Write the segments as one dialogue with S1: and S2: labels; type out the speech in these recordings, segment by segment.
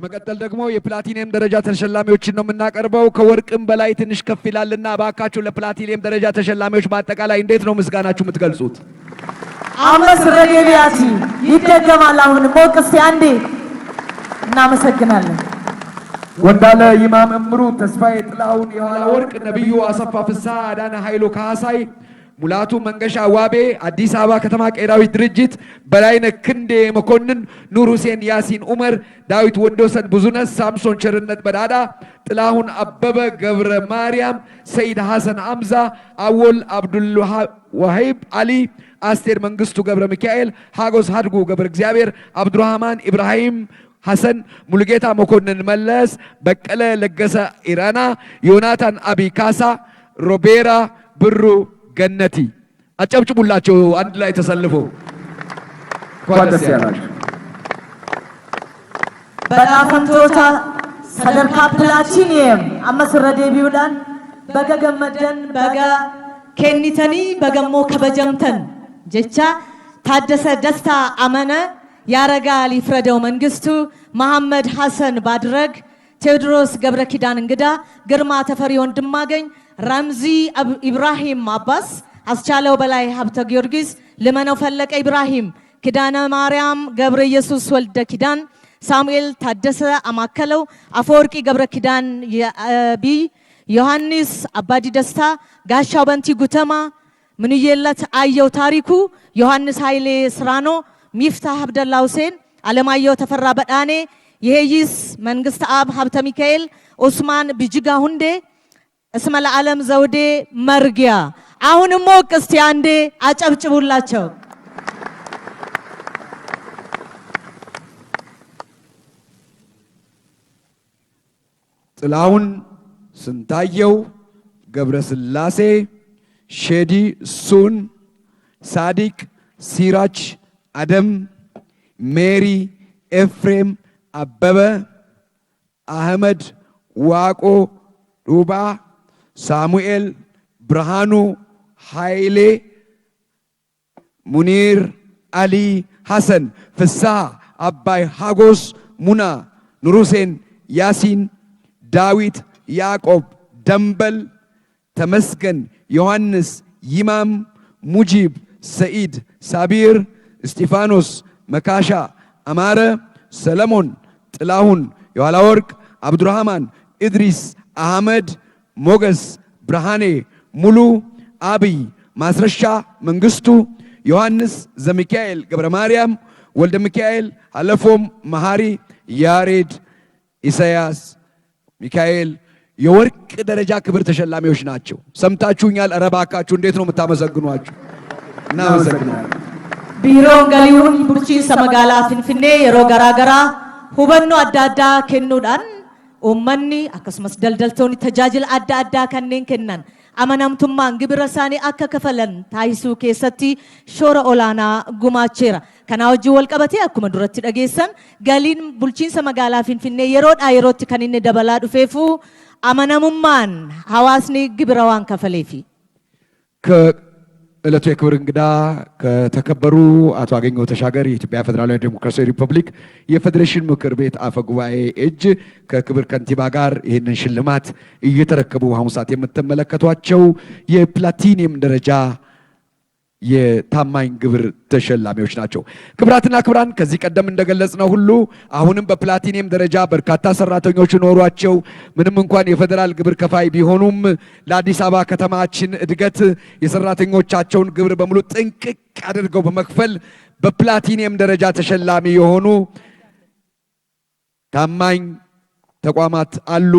S1: በመቀጠል ደግሞ የፕላቲኒየም ደረጃ ተሸላሚዎችን ነው የምናቀርበው። ከወርቅም በላይ ትንሽ ከፍ ይላልና እባካችሁ ለፕላቲኒየም ደረጃ ተሸላሚዎች በአጠቃላይ እንዴት ነው ምስጋናችሁ የምትገልጹት?
S2: አመስ ረጌቢያሲ ይደገማል። አሁን ሞቅስ አንዴ። እናመሰግናለን።
S1: ወንዳለ ይማም እምሩ፣ ተስፋዬ ጥላሁን፣ የኋላ ወርቅ ነቢዩ፣ አሰፋ ፍስሐ፣ አዳነ ኃይሉ ካሳይ ሙላቱ መንገሻ ዋቤ፣ አዲስ አበባ ከተማ ቀዳዊ ድርጅት፣ በላይነህ ክንዴ መኮንን፣ ኑር ሁሴን፣ ያሲን ኡመር፣ ዳዊት ወንዶሰን፣ ብዙነት ሳምሶን፣ ቸርነት በዳዳ፣ ጥላሁን አበበ፣ ገብረ ማርያም፣ ሰይድ ሐሰን፣ አምዛ አወል፣ አብዱል ዋሂብ አሊ፣ አስቴር መንግስቱ፣ ገብረ ሚካኤል፣ ሀጎስ ሀድጉ፣ ገብረ እግዚአብሔር፣ አብዱራህማን ኢብራሂም ሐሰን ሙሉጌታ መኮንን፣ መለስ በቀለ፣ ለገሰ ኢራና፣ ዮናታን አቢ ካሳ፣ ሮቤራ ብሩ ገነቲ አጨብጭቡላቸው። አንድ ላይ ተሰልፎ
S3: እንኳን ደስ ያላችሁ።
S2: በዳፈንቶታ ሰደርካ ፕላቲኒየም አመስረዴ ቢውላን በገ ገመደን በገ ኬኒተኒ በገሞ ከበጀምተን ጀቻ ታደሰ ደስታ አመነ ያረጋል ይፍረደው መንግስቱ መሐመድ ሐሰን ባድረግ ቴዎድሮስ ገብረ ኪዳን እንግዳ ግርማ ተፈሪ ወንድማገኝ ረምዚ ኢብራሂም አባስ፣ አስቻለው በላይ ሀብተ ጊዮርጊስ፣ ልመነው ፈለቀ ኢብራሂም፣ ኪዳነ ማርያም ገብረ ኢየሱስ ወልደ ኪዳን፣ ሳሙኤል ታደሰ አማከለው፣ አፈወርቂ ገብረ ኪዳን ቢይ፣ ዮሐንስ አባዲ ደስታ፣ ጋሻው በንቲ ጉተማ፣ ምንየለት አየው ታሪኩ፣ ዮሐንስ ኃይሌ ስራኖ፣ ሚፍታህ አብደላ ሁሴን፣ አለማየሁ ተፈራ በዳኔ፣ የሄይስ መንግስት አብ ሀብተ ሚካኤል፣ ኡስማን ብጅጋ ሁንዴ እስመ ለዓለም ዘውዴ መርጊያ። አሁንም ሞቅ እስቲ አንዴ አጨብጭቡላቸው።
S4: ጥላሁን ስንታየው ገብረስላሴ፣ ሼዲ ሱን፣ ሳዲቅ ሲራች፣ አደም ሜሪ፣ ኤፍሬም አበበ፣ አህመድ ዋቆ ዱባ ሳሙኤል ብርሃኑ፣ ኃይሌ፣ ሙኒር፣ አሊ፣ ሐሰን፣ ፍስሐ፣ አባይ፣ ሃጎስ፣ ሙና፣ ኑሩሴን፣ ያሲን፣ ዳዊት፣ ያዕቆብ፣ ደንበል፣ ተመስገን፣ ዮሐንስ፣ ይማም፣ ሙጂብ፣ ሰኢድ፣ ሳቢር፣ እስጢፋኖስ፣ መካሻ፣ አማረ፣ ሰለሞን፣ ጥላሁን፣ የኋላ ወርቅ፣ አብዱራህማን፣ ኢድሪስ፣ አህመድ ሞገስ ብርሃኔ፣ ሙሉ አብይ፣ ማስረሻ መንግስቱ፣ ዮሐንስ ዘሚካኤል ገብረ ማርያም፣ ወልደ ሚካኤል፣ አለፎም መሐሪ፣ ያሬድ፣ ኢሳያስ ሚካኤል የወርቅ ደረጃ ክብር ተሸላሚዎች ናቸው። ሰምታችሁኛል? ኧረ እባካችሁ እንዴት ነው የምታመሰግኗቸው? እናመሰግናለን።
S2: ቢሮን ገሊሁን ቡልቺንሰ መጋላ ፍንፍኔ የሮ ገራገራ ሁበኖ አዳዳ ኬኑዳን Uummanni akkasumas daldaltoonni tajaajila adda addaa kanneen kennan amanamtummaan gibira isaanii akka kafalan taasisuu keessatti shoora olaanaa gumaacheera. Kanaa wajjin wal qabatee akkuma duratti dhageessan galiin bulchiinsa magaalaa Finfinnee yeroodhaa yerootti kan inni dabalaa dhufeefu amanamummaan hawaasni gibira waan kafaleefi.
S1: እለቱ የክብር እንግዳ ከተከበሩ አቶ አገኘሁ ተሻገር የኢትዮጵያ ፌዴራላዊ ዴሞክራሲያዊ ሪፐብሊክ የፌዴሬሽን ምክር ቤት አፈ ጉባኤ እጅ ከክብር ከንቲባ ጋር ይህንን ሽልማት እየተረከቡ አሁን ሰዓት የምትመለከቷቸው የፕላቲኒየም ደረጃ የታማኝ ግብር ተሸላሚዎች ናቸው። ክብራትና ክብራን ከዚህ ቀደም እንደገለጽነው ሁሉ አሁንም በፕላቲኒየም ደረጃ በርካታ ሰራተኞች ኖሯቸው ምንም እንኳን የፌዴራል ግብር ከፋይ ቢሆኑም ለአዲስ አበባ ከተማችን እድገት የሰራተኞቻቸውን ግብር በሙሉ ጥንቅቅ አድርገው በመክፈል በፕላቲኒየም ደረጃ ተሸላሚ የሆኑ ታማኝ ተቋማት አሉ።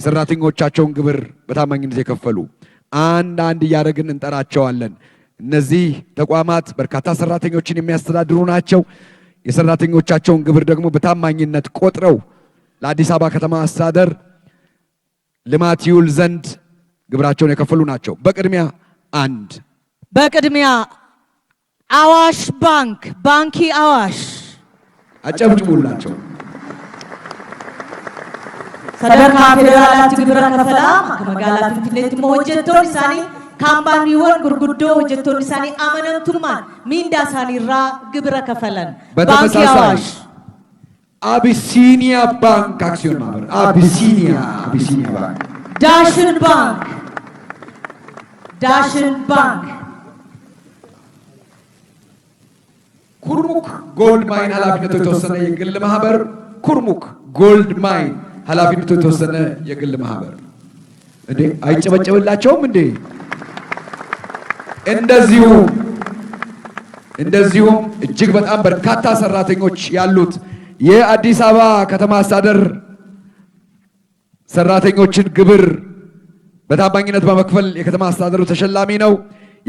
S1: የሰራተኞቻቸውን ግብር በታማኝነት የከፈሉ አንድ አንድ እያደረግን እንጠራቸዋለን። እነዚህ ተቋማት በርካታ ሰራተኞችን የሚያስተዳድሩ ናቸው። የሰራተኞቻቸውን ግብር ደግሞ በታማኝነት ቆጥረው ለአዲስ አበባ ከተማ አስተዳደር ልማት ይውል ዘንድ ግብራቸውን የከፈሉ ናቸው። በቅድሚያ አንድ
S2: በቅድሚያ አዋሽ ባንክ ባንኪ አዋሽ
S1: አጨብጭቡላቸው።
S2: ሰደርካ ፌዴራላት ግብረ ከፈላ መጋላት ፊትኔት መወጀቶ ሳኔ ካምፓኒiwwan gurguddoo hojjettoonni isaanii amanamtummaan miindaa isaaniirraa gibira kafalan. Baankii Awaash.
S1: አቢሲኒያ ባንክ አክሲዮን ማህበር አቢሲኒያ አቢሲኒያ ባንክ
S2: ዳሽን ባንክ ዳሽን ባንክ
S1: ኩርሙክ ጎልድ ማይን ኃላፊነቱ የተወሰነ የግል ማህበር ኩርሙክ ጎልድ ማይን ኃላፊነቱ የተወሰነ የግል ማህበር እንዴ አይጨበጨብላቸውም እንዴ እንደዚሁ እንደዚሁም እጅግ በጣም በርካታ ሰራተኞች ያሉት የአዲስ አበባ ከተማ አስተዳደር ሰራተኞችን ግብር በታማኝነት በመክፈል የከተማ አስተዳደሩ ተሸላሚ ነው።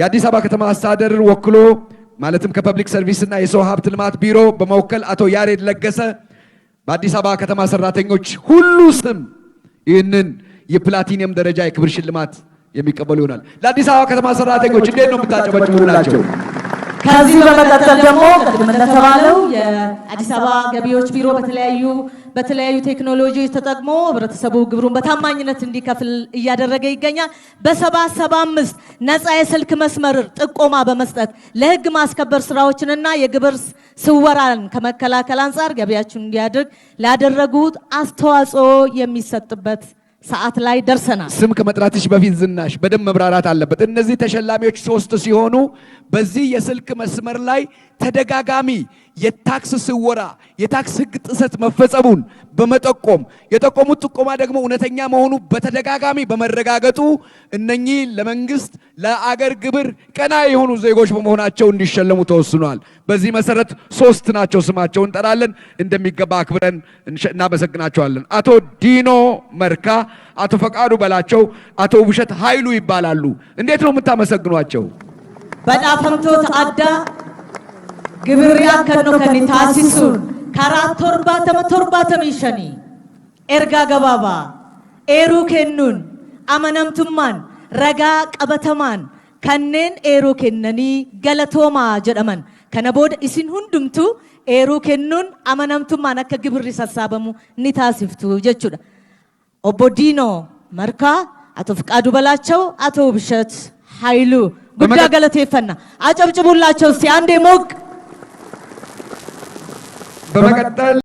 S1: የአዲስ አበባ ከተማ አስተዳደር ወክሎ ማለትም ከፐብሊክ ሰርቪስ እና የሰው ሀብት ልማት ቢሮ በመወከል አቶ ያሬድ ለገሰ በአዲስ አበባ ከተማ ሰራተኞች ሁሉ ስም ይህንን የፕላቲኒየም ደረጃ የክብር ሽልማት የሚቀበሉ ይሆናል። ለአዲስ አበባ ከተማ ሰራተኞች እንዴት ነው የምታጨበጭቡ ናቸው።
S2: ከዚህ በመቀጠል ደግሞ ቅድም እንደተባለው የአዲስ አበባ ገቢዎች ቢሮ በተለያዩ በተለያዩ ቴክኖሎጂዎች ተጠቅሞ ህብረተሰቡ ግብሩን በታማኝነት እንዲከፍል እያደረገ ይገኛል። በሰባ ሰባ አምስት ነፃ የስልክ መስመር ጥቆማ በመስጠት ለህግ ማስከበር ስራዎችንና የግብር ስወራን ከመከላከል አንጻር ገቢያችሁን እንዲያድርግ ላደረጉት አስተዋጽኦ የሚሰጥበት ሰዓት ላይ ደርሰናል።
S1: ስም ከመጥራትሽ በፊት ዝናሽ በደንብ መብራራት አለበት። እነዚህ ተሸላሚዎች ሶስት ሲሆኑ በዚህ የስልክ መስመር ላይ ተደጋጋሚ የታክስ ስወራ የታክስ ህግ ጥሰት መፈጸሙን በመጠቆም የጠቆሙት ጥቆማ ደግሞ እውነተኛ መሆኑ በተደጋጋሚ በመረጋገጡ እነኚህ ለመንግስት ለአገር ግብር ቀና የሆኑ ዜጎች በመሆናቸው እንዲሸለሙ ተወስኗል። በዚህ መሰረት ሶስት ናቸው። ስማቸው እንጠራለን። እንደሚገባ አክብረን እናመሰግናቸዋለን። አቶ ዲኖ መርካ፣ አቶ ፈቃዱ በላቸው፣ አቶ ውብሸት ኃይሉ ይባላሉ። እንዴት ነው የምታመሰግኗቸው?
S2: በጣፈምቶት አዳ ግብርያን ከኖ ከኒ ታሲሱን ከራ ቶርባተመ ቶርባተመ ሸኒ ኤርጋ ገባባ ኤሩ ኬኑን አመነምቱማን ረጋ ቀበተማን ከኔን ኤሩ ኬነኒ ገለቶማ ጀደመን ከነ ቦደ ኢሲን ሁንዱምቱ ኤሩ ኬኑን አመነምቱማን አከ ግብሪ ሰሳበሙ ኒ ታሲፍቱ ጀቹዳ ኦቦ ዲኖ መርካ አቶ ፍቃዱ በላቸው አቶ ውብሸት ኃይሉ ጉዳ ገለቴ ፈና አጨብጭቡላቸው እስቲ አንዴ ሞቅ Vamos a cantar